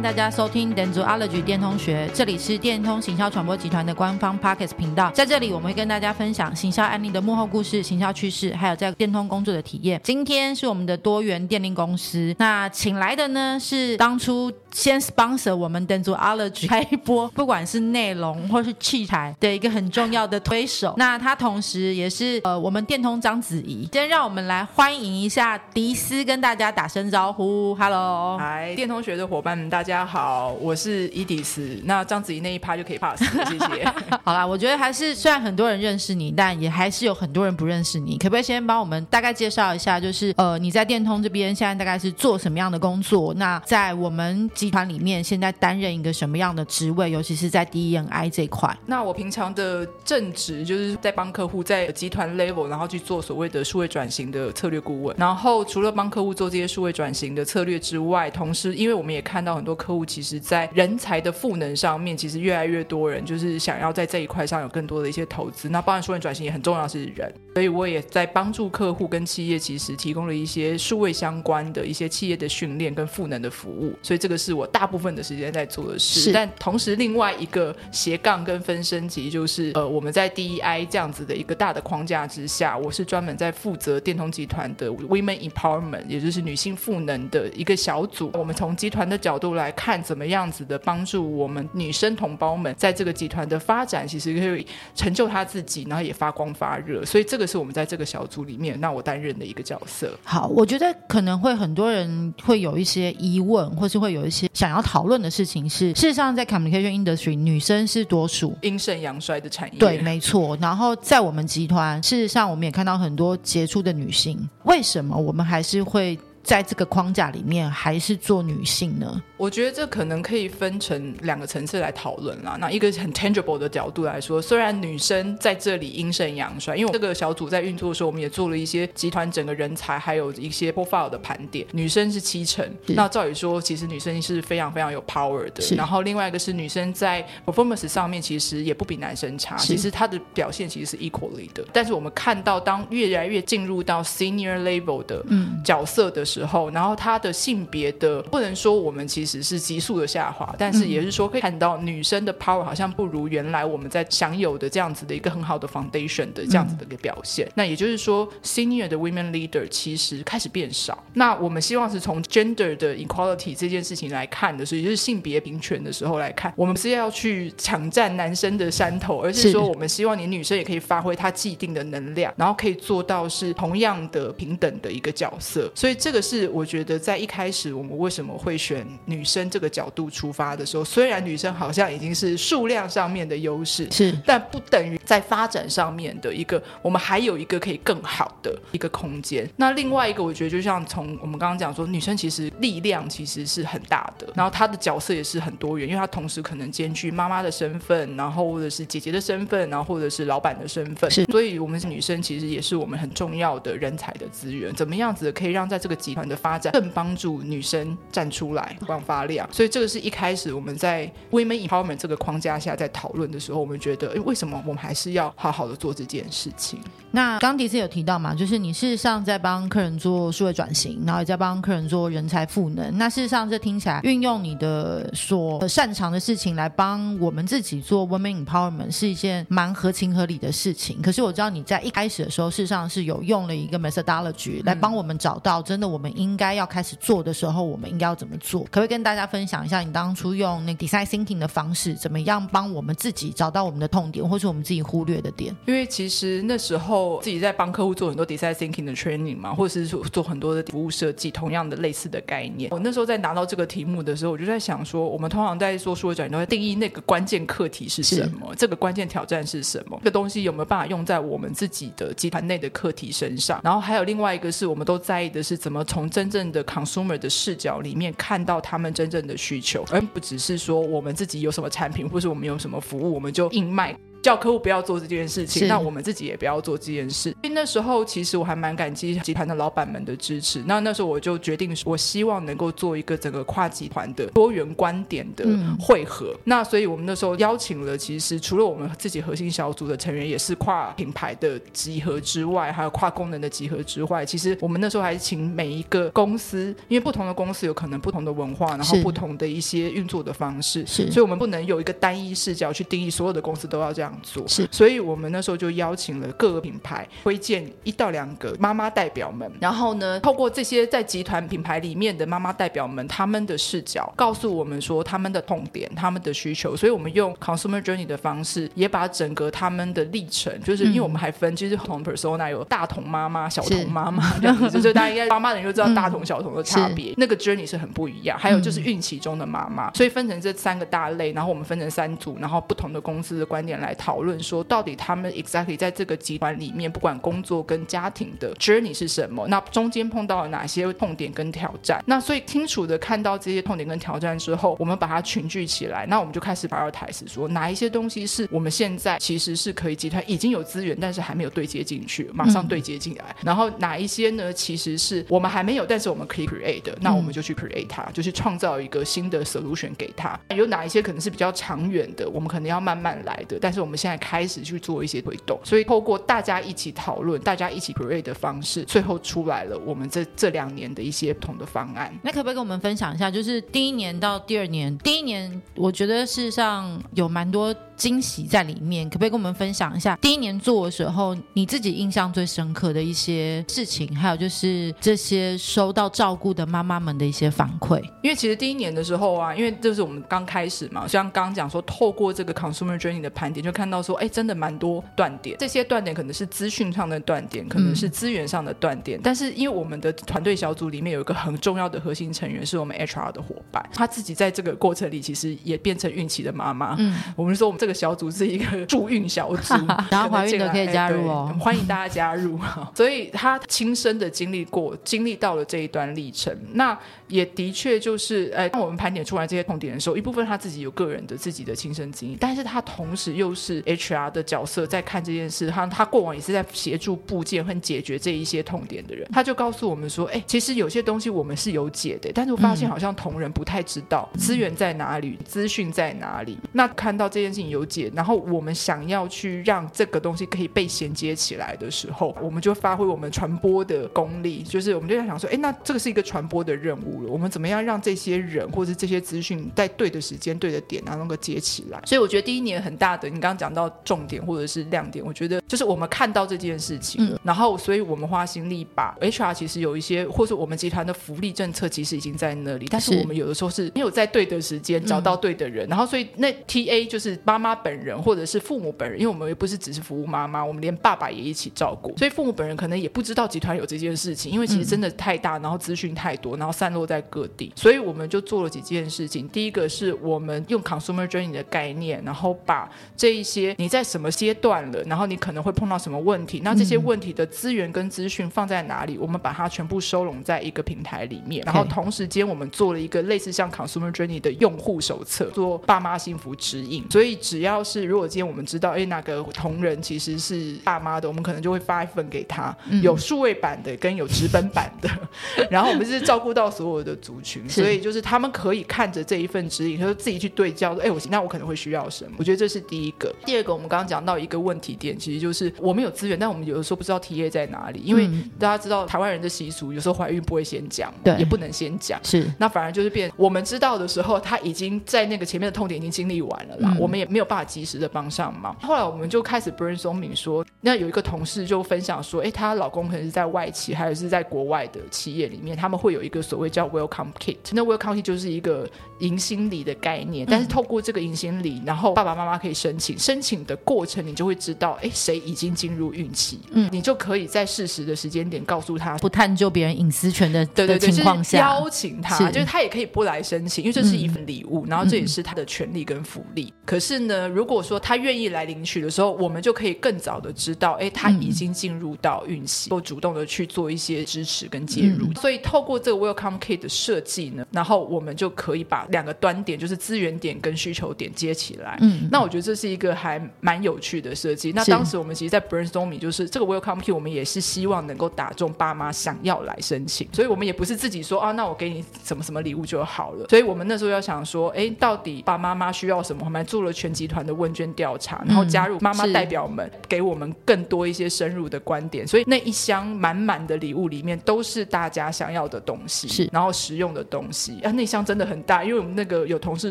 大家收聽《Dentsuology 電通學》，這裡是電通行銷傳播集團的官方 Podcast 頻道。在這裡，我們會跟大家分享行銷案例的幕後故事、行銷趨勢，還有在電通工作的體驗。今天是我們的多元電力公司，那請來的呢是當初先 sponsor 我們 Dentsuology 開播，不管是內容或是器材的一個很重要的推手。 那他同時也是呃，我們電通章子怡。今天讓我們來歡迎一下 Edith，跟大家打聲招呼。Hello，嗨 Hi, 電通學的夥伴們，大。大家好，我是伊迪斯。那章子怡那一趴就可以 pass，謝謝。 好啦，我覺得還是雖然很多人認識你，但也還是有很多人不認識你。可不可以先幫我們大概介紹一下？就是呃，你在電通這邊現在大概是做什麼樣的工作？那在我們集團裡面現在擔任一個什麼樣的職位？尤其是在 DEI 這塊。那我平常的正職就是在幫客戶在集團 level，然後去做所謂的數位轉型的策略顧問。然後除了幫客戶做這些數位轉型的策略之外，同時因為我們也看到很。多客戶其實，在人才的賦能上面，其實越來越多人就是想要在這一塊上有更多的一些投資。那包含說你轉型也很重要，是人。所以我也在幫助客戶跟企業，其實提供了一些數位相關的一些企業的訓練跟賦能的服務。所以這個是我大部分的時間在做的事是。但同時，另外一個斜槓跟分身級，就是呃，我們在 DEI 這樣子的一個大的框架之下，我是專門在負責電通集團的 Women Empowerment，也就是女性賦能的一個小組。我們從集團的角度來看，怎麼樣子的幫助我們女生同胞們，在這個集團的發展，其實可以成就她自己，然後也發光發熱。所以這個。是我們在這個小組裡面，那我擔任的一個角色。好，我覺得可能會很多人會有一些疑問，或是會有一些想要討論的事情是，是事實上，在 Communication Industry，女生是多數，陰盛陽衰的產業。對，沒錯。然後在我們集團，事實上我們也看到很多傑出的女性。為什麼我們還是會在這個框架裡面，還是做女性呢？我覺得這可能可以分成兩個層次來討論啦。那一個是很 tangible 的角度來說，雖然女生在這裡陰盛陽衰，因為這個小組在運作的時候，我們也做了一些集團整個人才還有一些 profile 的盤點。女生是七成，那照理說，其實女生是非常非常有 power 的。是然後另外一個是女生在 performance 上面其實也不比男生差，是其實她的表現其實是 equally 的。但是我們看到當越來越進入到 senior level 的角色的時候，嗯、然後她的性別的不能說我們其實。只是急速的下滑，但是也是說可以看到女生的 power 好像不如原來我們在享有的這樣子的一個很好的 foundation 的這樣子的一個表現。那也就是說，senior 的 women leader 其實開始變少。那我們希望是從 gender 的 equality 這件事情來看的，所以就是性別平權的時候來看，我們不是要去搶佔男生的山頭，而是說我們希望你女生也可以發揮她既定的能量，然後可以做到是同樣的平等的一個角色。所以這個是我覺得在一開始我們為什麼會選女。女生這個角度出發的時候，雖然女生好像已經是數量上面的優勢，是，但不等於在發展上面的一個，我們還有一個可以更好的一個空間。那另外一個，我覺得就像從我們剛剛講說，女生其實力量其實是很大的，然後她的角色也是很多元，因為她同時可能兼具媽媽的身份，然後或者是姐姐的身份，然後或者是老板的身份，是所以，我們女生，其實也是我們很重要的人才的資源。怎麼樣子可以讓在這個集團的發展更幫助女生站出來？發所以這個是一開始我們在 Women Empowerment 這個框架下在討論的時候，我們覺得，欸，為什麼我們還是要好好的做這件事情？那剛迪斯有提到嘛，就是你事實上在幫客人做數位轉型，然後也在幫客人做人才賦能。那事實上這聽起來運用你的所擅長的事情來幫我們自己做 Women Empowerment 是一件蠻合情合理的事情，可是我知道你在一開始的時候，事實上是有用了一個 methodology 來幫我們找到真的我們應該要開始做的時候，我們應該要怎麼做？可不可以跟跟大家分享一下，你當初用那 design thinking 的方式，怎麼樣幫我們自己找到我們的痛點，或是我們自己忽略的點？因為其實那時候自己在幫客戶做很多 design thinking 的 training 嘛，或者是做做很多的服務設計，同樣的類似的概念。我那時候在拿到這個題目的時候，我就在想說，我們通常在做數位轉型，你都會定義那個關鍵課題是什麼，是這個關鍵挑戰是什麼，這個、東西有沒有辦法用在我們自己的集團內的課題身上？然後還有另外一個是我們都在意的是，怎麼從真正的 consumer 的視角裡面看到他們。真正的需求，而不只是說我們自己有什麼產品，或是我們有什麼服務，我們就硬賣。叫客戶不要做這件事情，是那我們自己也不要做這件事。因為那時候其實我還蠻感激集團的老板們的支持。那那時候我就決定，我希望能夠做一個整個跨集團的多元觀點的匯合。嗯、那所以我們那時候邀請了，其實除了我們自己核心小組的成員也是跨品牌的集合之外，還有跨功能的集合之外，其實我們那時候還是請每一個公司，因為不同的公司有可能不同的文化，然後不同的一些運作的方式，是所以我們不能有一個單一視角去定義所有的公司都要這樣。做是，所以我們那時候就邀請了各個品牌推薦一到兩個媽媽代表們，然後呢，透過這些在集團品牌裡面的媽媽代表們，他們的視角告訴我們說他們的痛點、他們的需求。所以我們用 consumer journey 的方式，也把整個他們的歷程，就是因為我們還分其實、嗯、同 persona，有大童媽媽、小童媽媽，就大家應該媽媽的人就知道大童小童的差別，嗯、那個 journey 是很不一樣。還有就是孕期中的媽媽，嗯、所以分成這三個大類，然後我們分成三組，然後不同的公司的觀點來。討論說，到底他們 exactly 在這個集團裡面，不管工作跟家庭的 journey 是什麼，那中間碰到了哪些痛點跟挑戰？那所以清楚的看到這些痛點跟挑戰之後，我們把它群聚起來，那我們就開始 prioritize，說哪一些東西是我們現在其實是可以集團已經有資源，但是還沒有對接進去，馬上對接進來。嗯、然後哪一些呢？其實是我們還沒有，但是我們可以 create 的，那我們就去 create 它，就是創造一個新的 solution 給它。有哪一些可能是比較長遠的，我們可能要慢慢來的，但是我們。我們現在開始去做一些推動，所以透過大家一起討論、大家一起 brain 的方式，最後出來了我們這這兩年的一些不同的方案。那可不可以跟我們分享一下？就是第一年到第二年，第一年我覺得事實上有蠻多。驚喜在裡面，可不可以跟我們分享一下，第一年做的時候，你自己印象最深刻的一些事情，還有就是這些收到照顧的媽媽們的一些反饋。因為其實第一年的時候啊，因為就是我們剛開始嘛，像剛剛講說，透過這個 consumer journey 的盤點，就看到說，哎、欸，真的蠻多斷點。這些斷點可能是資訊上的斷點，可能是資源上的斷點。嗯、但是因為我們的團隊小組裡面有一個很重要的核心成員，是我們 HR 的夥伴，他自己在這個過程裡其實也變成孕期的媽媽。嗯，我們說我們這個。這個小組是一個助孕小組， 然後懷孕的可以加入哦，哎、 歡迎大家加入。所以他親身的經歷過，經歷到了這一段歷程，那也的確就是，哎，當我們盤點出來這些痛點的時候，一部分他自己有個人的自己的親身經歷，但是他同時又是 HR 的角色，在看這件事，他他過往也是在協助部件和解決這一些痛點的人，他就告訴我們說，哎，其實有些東西我們是有解的，但是我發現好像同仁不太知道資源在哪裡，資訊在哪裡，那看到這件事情有。了解，然後我們想要去讓這個東西可以被銜接起來的時候，我們就發揮我們傳播的功力，就是我們就在想說，哎，那這個是一個傳播的任務了，我們怎麼樣讓這些人或者這些資訊在對的時間、對的點，然後、啊、那個接起來？所以我覺得第一年很大的，你剛剛講到重點或者是亮點，我覺得就是我們看到這件事情，嗯、然後所以我們花心力把 HR 其實有一些，或者我們集團的福利政策其實已經在那裡，但是我們有的時候是沒有在對的時間找到對的人，嗯、然後所以那 TA 就是媽媽。他本人或者是父母本人，因為我們也不是只是服務媽媽，我們連爸爸也一起照顧，所以父母本人可能也不知道集團有這件事情，因為其實真的太大，然後資訊太多，然後散落在各地，所以我們就做了幾件事情。第一個是我們用 consumer journey 的概念，然後把這一些你在什麼階段了，然後你可能會碰到什麼問題，那這些問題的資源跟資訊放在哪裡，我們把它全部收攏在一個平台裡面，然後同時間我們做了一個類似像 consumer journey 的用戶手冊，做爸媽幸福指引，所以只。只要是如果今天我們知道，哎、欸，哪個同仁其實是爸媽的，我們可能就會發一份給他，嗯、有數位版的跟有紙本版的， 然後我們是照顧到所有的族群，是所以就是他們可以看着這一份指引，他、就、說、是、自己去對焦，說哎，我、欸、那我可能會需要什麼？我覺得這是第一個。第二個，我們剛剛講到一個問題點，其實就是我們有資源，但我們有的時候不知道 TA 在哪裡，因為大家知道、嗯、台灣人的習俗，有時候懷孕不會先講嘛，對，也不能先講，是，那反而就是變，我們知道的時候，他已經在那個前面的痛點已經經歷完了啦，嗯、我們也沒有。爸及時的幫上忙。後來我們就開始 brainstorm，說那有一個同事就分享說，哎，她老公可能是在外企，還是在國外的企業裡面，他們會有一個所謂叫 welcome kit，那 welcome kit 就是一個迎新禮的概念。但是透過這個迎新禮，嗯、然後爸爸媽媽可以申請，申請的過程你就會知道，哎，誰已經進入孕期，嗯，你就可以在適時的時間點告訴他，不探究別人隱私權的對。情況下對對對，就是、邀請他，是，就是他也可以不來申請，因為這是一份禮物，嗯、然後這也是他的權利跟福利。可是呢。那如果說他願意來領取的時候，我們就可以更早的知道，哎，他已經進入到孕期，或、嗯、主動的去做一些支持跟介入。嗯、所以透過這個 Welcome Kit 的設計呢，然後我們就可以把兩個端點，就是資源點跟需求點接起來。嗯，那我覺得這是一個還蠻有趣的設計。是那當時我們其實，在 brainstorming，就是這個 Welcome Kit，我們也是希望能夠打中爸媽想要來申請，所以我們也不是自己說啊，那我給你什麼什麼禮物就好了。所以我們那時候要想說，哎，到底爸媽媽需要什麼？我們還做了全。集團的問卷調查，然後加入媽媽代表們、嗯、給我們更多一些深入的觀點，所以那一箱滿滿的禮物裡面都是大家想要的東西，是然後實用的東西。啊，那箱真的很大，因為我們那個有同事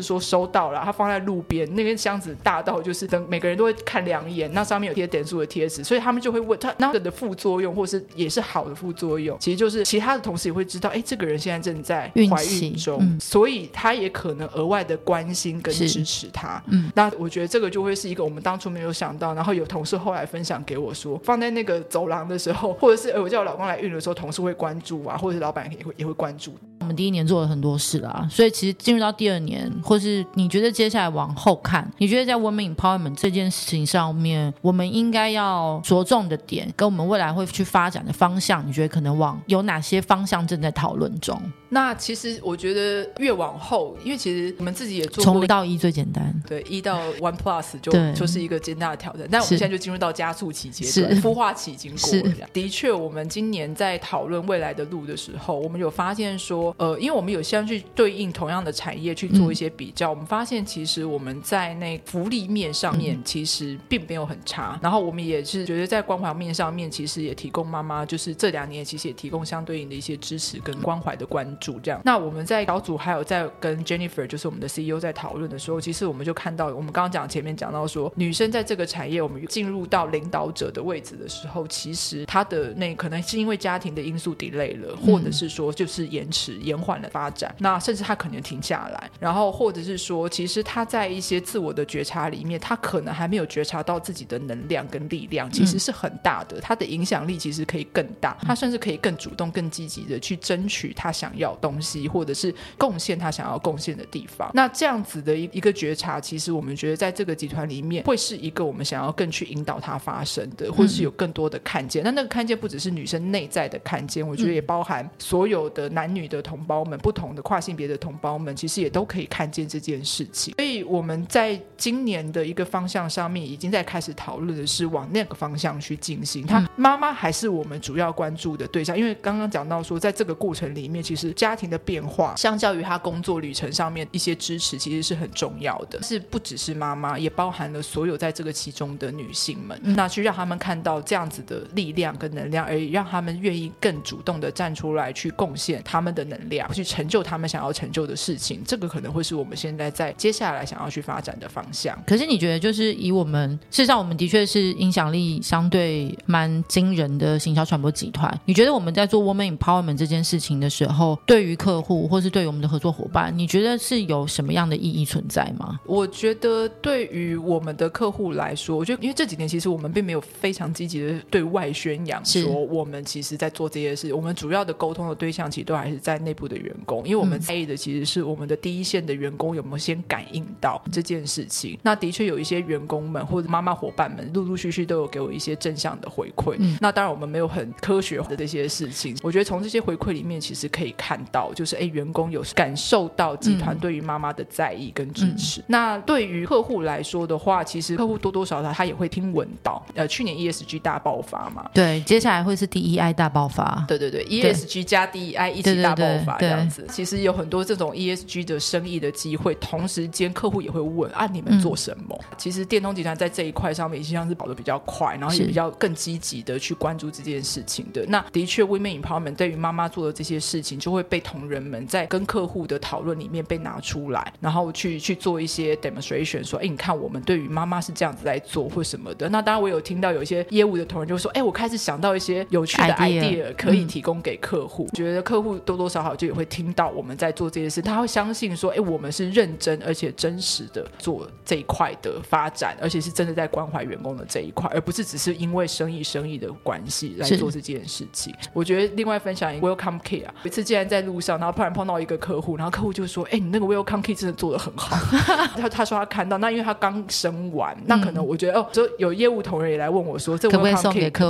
說收到了，他放在路邊，那邊箱子大到就是等，等每個人都會看兩眼。那上面有貼點數的貼紙，所以他們就會問他那個的副作用，或是也是好的副作用，其實就是其他的同事也會知道，哎，這個人現在正在懷孕中，嗯、所以他也可能額外的關心跟支持他。是嗯，那。我覺得這個就會是一個我們當初沒有想到，然後有同事後來分享給我說，放在那個走廊的時候，或者是哎，我叫我老公來運的時候，同事會關注啊，或者是老闆也會也會關注。我們第一年做了很多事啦，所以其實進入到第二年，或是你覺得接下來往後看，你覺得在 Women Empowerment 這件事情上面，我們應該要着重的點，跟我們未來會去發展的方向，你覺得可能往有哪些方向正在討論中？那其實我覺得越往後，因為其實我們自己也做過，從零到一最簡單，對，一到 One Plus 就對就是一個巨大的挑戰。但我們現在就進入到加速期階段是，孵化期已經過了。的確，我們今年在討論未來的路的時候，我們有發現說，呃，因為我們有先去對應同樣的產業去做一些比較，嗯、我們發現其實我們在那福利面上面其實並沒有很差。嗯、然後我們也是覺得在關懷面上面，其實也提供媽媽，就是這兩年其實也提供相對應的一些支持跟關懷的關。主這樣，那我們在小組還有在跟 Jennifer，就是我們的 CEO 在討論的時候，其實我們就看到，我們剛剛講前面講到說，女生在這個產業，我們進入到領導者的位置的時候，其實她的那可能是因為家庭的因素 delay 了，或者是說就是延遲、延緩了發展，嗯、那甚至她可能停下來，然後或者是說，其實她在一些自我的覺察裡面，她可能還沒有覺察到自己的能量跟力量其實是很大的，她的影響力其實可以更大，她甚至可以更主動、更積極的去爭取她想要的。東西，或者是貢獻他想要貢獻的地方。那這樣子的一個覺察，其實我們覺得在這個集團裡面，會是一個我們想要更去引導他發生的，或者是有更多的看見。嗯、那那個看見，不只是女生內在的看見，我覺得也包含所有的男女的同胞們，嗯、不同的跨性別的同胞們，其實也都可以看見這件事情。所以我們在今年的一個方向上面，已經在開始討論的是往那個方向去進行。他媽媽還是我們主要關注的對象，因為剛剛講到說，在這個過程裡面，其實。家庭的變化，相較於他工作旅程上面一些支持，其實是很重要的。是不只是媽媽，也包含了所有在這個其中的女性們，嗯、那去讓他們看到這樣子的力量跟能量，而讓他們願意更主動地站出來去貢獻他們的能量，去成就他們想要成就的事情。這個可能會是我們現在在接下來想要去發展的方向。可是你覺得，就是以我們，事實上我們的確是影響力相對蠻驚人的行銷傳播集團。你覺得我們在做 Woman Empowerment 這件事情的時候，對於客戶，或是對於我們的合作夥伴，你覺得是有什麼樣的意義存在嗎？我覺得對於我們的客戶來說，我覺得因為這幾年其實我們並沒有非常積極的對外宣揚說，說是我們其實在做這些事。我們主要的溝通的對象其實都還是在內部的員工，因為我們在意的其實是我們的第一線的員工有沒有先感應到這件事情。那的確有一些員工們或者媽媽夥伴們，陸陸續續都有給我一些正向的回饋。嗯，那當然我們沒有很科學的這些事情，我覺得從這些回饋裡面其實可以看。到就是哎，員工有感受到集團對於媽媽的在意跟支持。嗯嗯、那對於客戶來說的話，其實客戶多多少少他也會聽聞到。呃，去年 ESG 大爆發嘛，對，接下來會是 DEI 大爆發。對對對，ESG 加 DEI 一起大爆發這樣子。對對對對其實有很多這種 ESG 的生意的機會，同時間客戶也會問：按、啊、你們做什麼？嗯、其實電通集團在這一塊上面實際上是跑得比較快，然後也比較更積極的去關注這件事情的。是那的確 Women Empowerment 對於媽媽做的這些事情，就會。被同仁們在跟客戶的討論裡面被拿出來，然後去去做一些 demonstration，說：“哎，你看，我們對於媽媽是這樣子在做，或什麼的。”那當然，我有聽到有一些業務的同仁就說：“哎，我開始想到一些有趣的 idea，可以提供給客戶。嗯、覺得客戶多多少少好就也會聽到我們在做這些事，他會相信說：‘哎，我們是認真而且真實的做這一塊的發展，而且是真的在關懷員工的這一塊，而不是只是因為生意生意的關係來做這件事情。是’我覺得另外分享 Welcome Kit，一次竟然。”在路上，然後突然碰到一個客戶，然後客戶就說：“哎、欸，你那個 will 康 e 以真的做的很好。 他”他他說他看到那，因為他剛生完，嗯、那可能我覺得哦，有業務同仁也來問我說：“這會不會送給客戶？”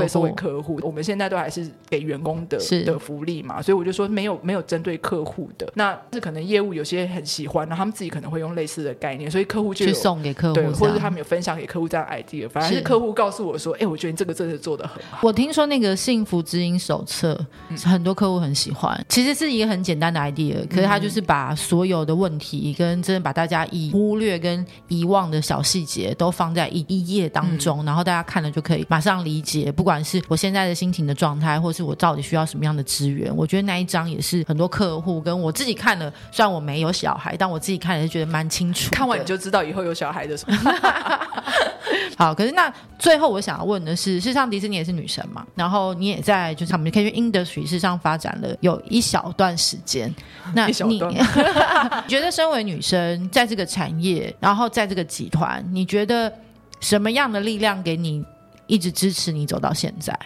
我們現在都還是給員工的是的福利嘛，所以我就說沒有沒有針對客戶的。那這可能業務有些很喜歡，那他們自己可能會用類似的概念，所以客戶就有去送給客戶，對，或者他們有分享給客戶這樣 idea。反而是客戶告訴我說：“哎是、欸，我覺得你這個真的做的很好。”我聽說那個幸福知音手冊，嗯、很多客戶很喜歡，其實是。是一個很簡單的 idea，可是他就是把所有的問題跟真的把大家以忽略跟遺忘的小細節都放在一一頁當中，嗯、然後大家看了就可以馬上理解。不管是我現在的心情的狀態，或是我到底需要什麼樣的資源，我覺得那一張也是很多客戶跟我自己看了。雖然我沒有小孩，但我自己看了就覺得蠻清楚。看完你就知道以後有小孩的時候。 好，可是那最後我想要問的是，事實上迪士尼也是女神嘛？然後你也在，就是他們可以去 industry 事實上發展了，有一小。段時間，那你，小 你覺得，身為女生，在這個產業，然後在這個集團，你覺得什麼樣的力量給你一直支持你走到現在？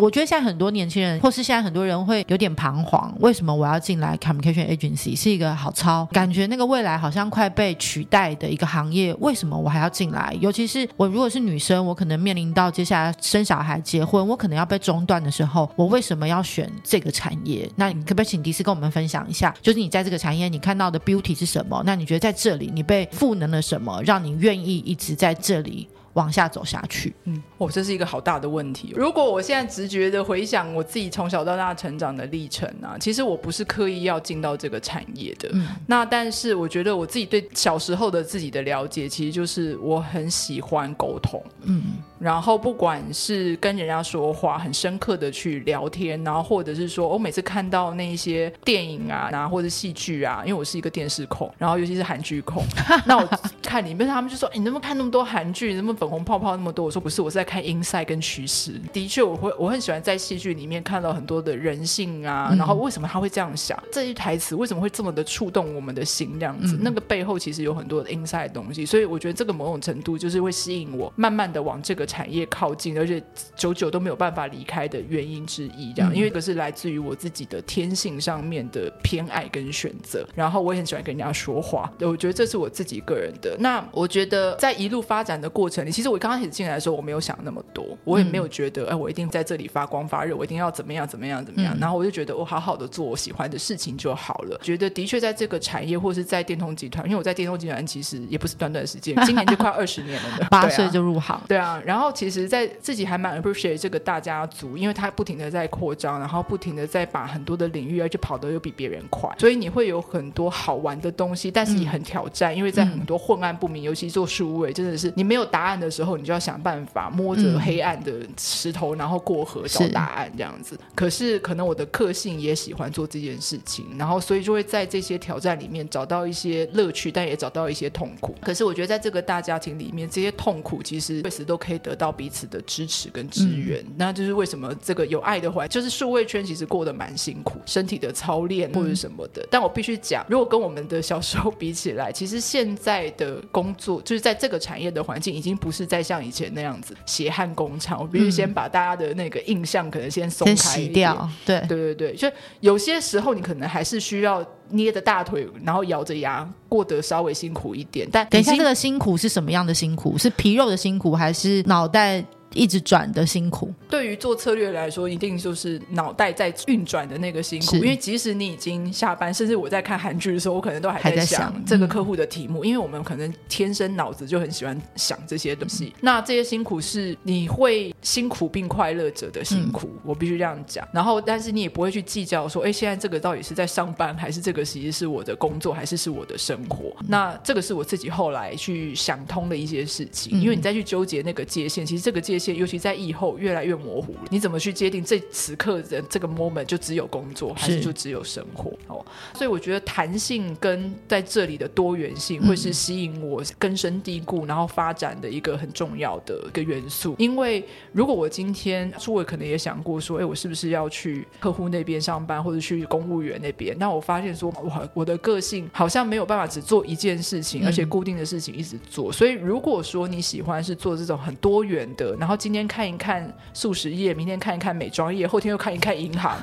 我覺得現在很多年輕人，或是現在很多人會有點彷徨：為什麼我要進來 communication agency 是一個好操，感覺那個未來好像快被取代的一個行業，為什麼我還要進來？尤其是我如果是女生，我可能面臨到接下來生小孩、結婚，我可能要被中斷的時候，我為什麼要選這個產業？那你可不可以請 Edith 跟我們分享一下？就是你在這個產業你看到的 beauty 是什麼？那你覺得在這裡你被賦能了什麼，讓你願意一直在這裡？往下走下去，嗯，哦，這是一個好大的問題。如果我現在直覺的回想我自己從小到大成長的歷程啊，其實我不是刻意要進到這個產業的，嗯，那但是我覺得我自己對小時候的自己的了解，其實就是我很喜歡溝通，嗯。然後不管是跟人家說話很深刻的去聊天，然後或者是說我、哦、每次看到那些電影啊，然後、啊、或者是戲劇啊，因為我是一個電視控，然後尤其是韓劇控。 那我看裡面，他們就說、欸、你能不能看那麼多韓劇，能不能粉紅泡泡那麼多？我說不是，我是在看 inside 跟趨勢。的確，我會我很喜歡在戲劇裡面看到很多的人性啊，嗯、然後為什麼他會這樣想，這些台詞為什麼會這麼的觸動我們的心，這樣子，嗯嗯，那個背後其實有很多的 inside 的東西。所以我覺得這個某種程度就是會吸引我，慢慢的往這個產業靠近，而且久久都沒有辦法離開的原因之一，這樣，嗯、因為一個是來自於我自己的天性上面的偏愛跟選擇。然後我也很喜歡跟人家說話，對我覺得這是我自己個人的。那我覺得在一路發展的過程裡，其實我剛剛開始進來的時候，我沒有想那麼多，我也沒有覺得，嗯、哎，我一定在這裡發光發熱，我一定要怎麼樣怎麼樣怎麼樣。嗯、然後我就覺得，我好好的做我喜歡的事情就好了。覺得的確，在這個產業或者是在電通集團，因為我在電通集團其實也不是短短時間，今年就快二十年了，八、 啊、歲就入行，對啊，然後。然後其實，在自己還蠻 appreciate 這個大家族，因為他不停的在擴張，然後不停的在把很多的領域，而且跑得又比別人快，所以你會有很多好玩的東西，但是也很挑戰，因為在很多混亂不明，尤其做數位，真的是你沒有答案的時候，你就要想辦法摸着黑暗的石頭，然後過河找答案這樣子。是。可是，可能我的個性也喜歡做這件事情，然後所以就會在這些挑戰裡面找到一些樂趣，但也找到一些痛苦。可是，我覺得在這個大家庭裡面，這些痛苦其實隨時都可以得。得到彼此的支持跟支援，嗯、那就是為什麼這個有愛的環，就是數位圈其實過得蠻辛苦，身體的操練或者什麼的。嗯、但我必須講，如果跟我們的小時候比起來，其實現在的工作就是在這個產業的環境，已經不是在像以前那樣子血汗工廠。我必須先把大家的那個印象可能先鬆開一點，掉對對對對，就有些時候你可能還是需要。捏着大腿，然後咬着牙，過得稍微辛苦一點。但等一下，這個辛苦是什麼樣的辛苦？是皮肉的辛苦，還是腦袋？一直轉的辛苦，對於做策略來說，一定就是腦袋在運轉的那個辛苦。是因為即使你已經下班，甚至我在看韓劇的時候，我可能都還在想這個客戶的題目。嗯、因為我們可能天生腦子就很喜歡想這些東西。嗯、那這些辛苦是你會辛苦並快樂著的辛苦，嗯、我必須這樣講。然後，但是你也不會去計較說，哎，現在這個到底是在上班，還是這個其實是我的工作，還是是我的生活？嗯、那這個是我自己後來去想通的一些事情。嗯、因為你再去糾結那個界限，其實這個界。且尤其在疫後，越來越模糊了，你怎麼去界定這此刻的這個 moment 就只有工作，還是就只有生活？哦，所以我覺得彈性跟在這裡的多元性，會是吸引我根深蒂固，然後發展的一個很重要的一個元素。因為如果我今天諸位，可能也想過說，哎，我是不是要去客戶那邊上班，或者去公務員那邊？那我發現說，我我的個性好像沒有辦法只做一件事情，而且固定的事情一直做。所以如果說你喜歡是做這種很多元的，然後然後今天看一看素食業，明天看一看美妝業，後天又看一看銀行，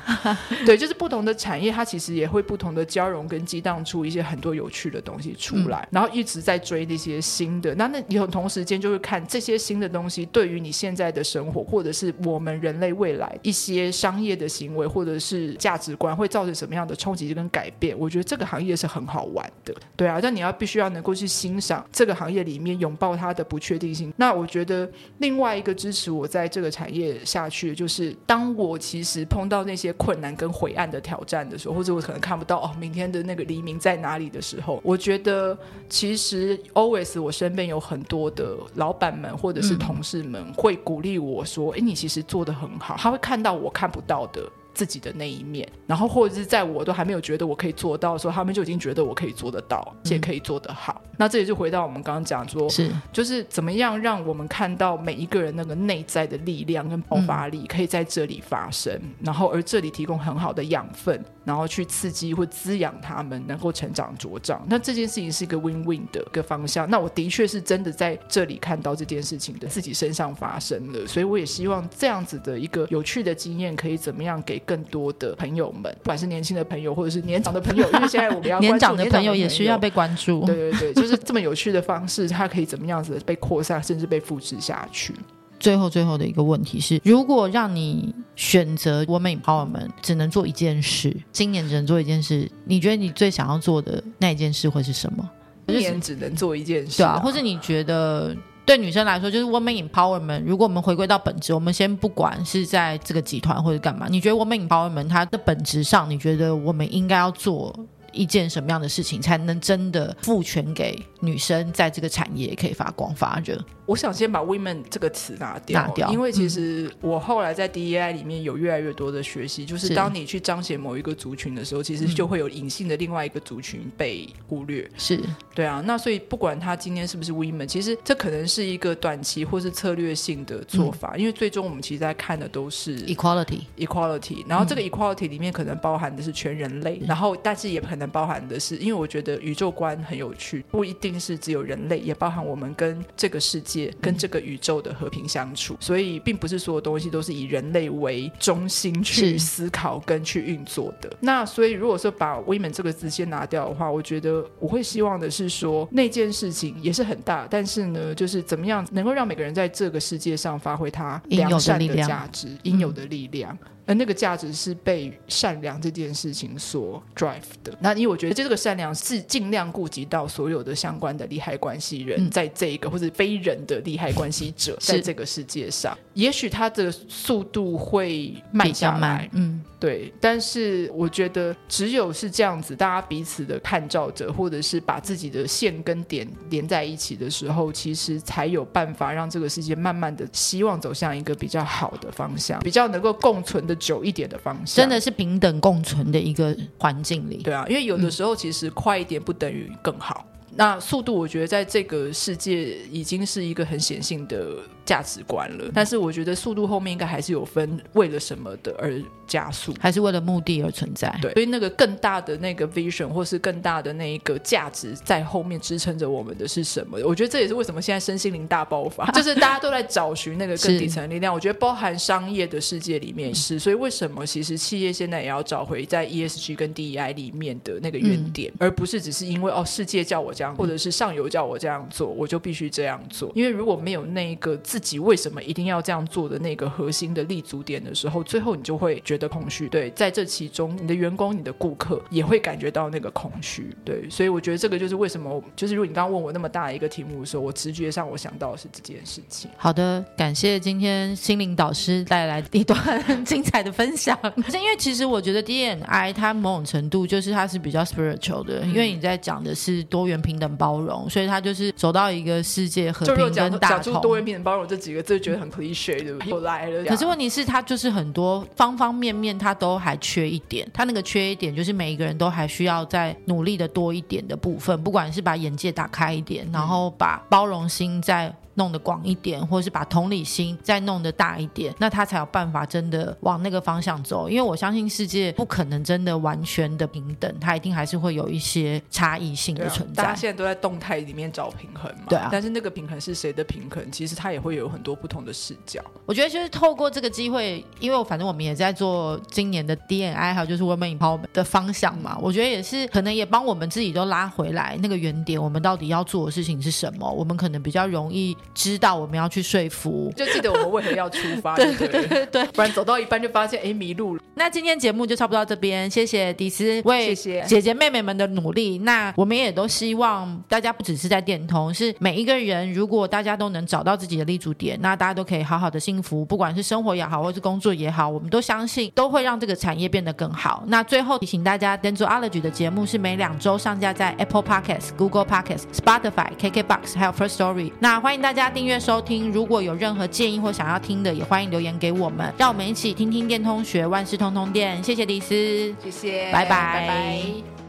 對，就是不同的產業，它其實也會不同的交融跟激盪出一些很多有趣的東西出來。嗯、然後一直在追那些新的，那那以後同時間就會看這些新的東西對於你現在的生活，或者是我們人類未來一些商業的行為或者是價值觀會造成什麼樣的衝擊跟改變。我覺得這個行業是很好玩的，對啊，但你要必須要能夠去欣賞這個行業裡面擁抱它的不確定性。那我覺得另外一個。支持我在這個產業下去，就是當我其實碰到那些困難跟晦暗的挑戰的時候，或者我可能看不到哦，明天的那個黎明在哪裡的時候，我覺得其實 always 我身邊有很多的老板們或者是同事們會鼓勵我說：“嗯、誒，你其實做得很好。”他會看到我看不到的。自己的那一面，然後或者是在我都還沒有覺得我可以做到的時候，他們就已經覺得我可以做得到，嗯、也可以做得好。那這也就回到我們剛剛講說，是就是怎麼樣讓我們看到每一個人那個內在的力量跟爆發力可以在這裡發生，嗯、然後而這裡提供很好的養分，然後去刺激或滋養他們能夠成長茁壯。那這件事情是一個 win win 的一個方向。那我的確是真的在這裡看到這件事情的自己身上發生了，所以我也希望這樣子的一個有趣的經驗可以怎麼樣給。更多的朋友們，不管是年輕的朋友，或者是年長的朋友，因為現在我們要關注 年長的朋友也需要被關注。對對對，就是這麼有趣的方式，它 可以怎麼樣子被擴散，甚至被複製下去。最後最後的一個問題是，如果讓你選擇 woman empowerment，只能做一件事，今年只能做一件事，你覺得你最想要做的那一件事會是什麼？今年只能做一件事，啊，對啊，或者你覺得？對女生來說，就是 Women Empowerment。如果我們回歸到本質，我們先不管是在這個集團或者幹嘛，你覺得 Women Empowerment 它的本質上，你覺得我們應該要做？一件什麼樣的事情才能真的賦權給女生，在這個產業可以發光發熱？我，我想先把 “women” 這個詞拿掉，拿掉。因為其實我後來在 DEI 裡面有越來越多的學習，就是當你去彰顯某一個族群的時候，其實就會有隱性的另外一個族群被忽略。是對啊，那所以不管他今天是不是 “women”，其實這可能是一個短期或是策略性的做法，嗯、因為最終我們其實在看的都是 equality，equality、equality。然後這個 equality 裡面可能包含的是全人類，嗯、然後但是也很。能包含的是，因為我覺得宇宙觀很有趣，不一定是只有人類，也包含我們跟這個世界、嗯、跟這個宇宙的和平相處。所以，並不是所有東西都是以人類為中心去思考跟去運作的。是那所以，如果說把 “women” 這個字先拿掉的話，我覺得我會希望的是說，那件事情也是很大，但是呢，就是怎麼樣能夠讓每個人在這個世界上發揮他良善的價值、應有的力量。那個價值是被善良這件事情所 drive 的，那因為我覺得這個善良是盡量顧及到所有的相關的利害關係人，在這一個、嗯、或者非人的利害關係者在這個世界上，是也許他的速度會比較慢，嗯。對，但是我覺得只有是這樣子，大家彼此的看照者，或者是把自己的線跟點連在一起的時候，其實才有辦法讓這個世界慢慢的希望走向一個比較好的方向，比較能夠共存的久一點的方向，真的是平等共存的一個環境裡。對啊，因為有的時候其實快一點不等於更好。嗯。那速度，我覺得在這個世界已經是一個很顯性的價值觀了，但是我覺得速度後面應該還是有分為了什麼的而加速，還是為了目的而存在。對，所以那個更大的那個 vision 或是更大的那一個價值在後面支撐着我們的是什麼？我覺得這也是為什麼現在身心靈大爆發， 就是大家都在找尋那個更底層的力量。是我覺得包含商業的世界裡面是，嗯、所以為什麼其實企業現在也要找回在 ESG 跟 DEI 裡面的那個原點，嗯、而不是只是因為哦世界叫我這樣，或者是上游叫我這樣做，我就必須這樣做。嗯、因為如果沒有那一個自自己為什麼一定要這樣做的那個核心的立足點的時候，最後你就會覺得空虛。對，在這其中，你的員工、你的顧客也會感覺到那個空虛。對，所以我覺得這個就是為什麼，就是如果你剛剛問我那麼大一個題目的時候，我直覺上我想到的是這件事情。好的，感謝今天心靈導師帶來一段很精彩的分享。是因為其實我覺得 D E I 它某種程度就是它是比較 spiritual 的，嗯、因為你在講的是多元平等包容，所以它就是走到一個世界和平跟大同，講出多元平等包容、就是這幾個，就覺得很 cliche，對不對？又來了。可是問題是樣他就是很多方方面面，他都還缺一點。他那個缺一點，就是每一個人都還需要再努力的多一點的部分，不管是把眼界打開一點，嗯、然後把包容心再。弄得廣一點，或者是把同理心再弄得大一點，那他才有辦法真的往那個方向走。因為我相信世界不可能真的完全的平等，他一定還是會有一些差異性的存在。大家、啊、現在都在動態裡面找平衡嘛，對啊。但是那個平衡是誰的平衡？其實他也會有很多不同的視角。我覺得就是透過這個機會，因為反正我們也在做今年的 D E I，還有就是 Women Empowerment 的方向嘛。嗯、我覺得也是，可能也幫我們自己都拉回來那個原點，我們到底要做的事情是什麼？我們可能比較容易。知道我們要去說服， 就記得我們為何要出發，對不 對？對、對， 不然走到一半就發現哎迷路了。那今天節目就差不多到這邊，謝謝 Edith 為姐姐妹妹們的努力。謝謝。那我們也都希望大家不只是在電通，是每一個人。如果大家都能找到自己的立足點，那大家都可以好好的幸福，不管是生活也好，或是工作也好，我們都相信都會讓這個產業變得更好。那最後提醒大家，Denzel Allergy 的節目是每兩周上架在 Apple Podcast、Google Podcast、Spotify、KKBox 還有 First Story。那歡迎大家。大家訂閱收聽，如果有任何建議或想要聽的，也歡迎留言給我們，讓我們一起聽聽電通學萬事通通電。謝謝 Edith，謝謝，拜拜拜拜。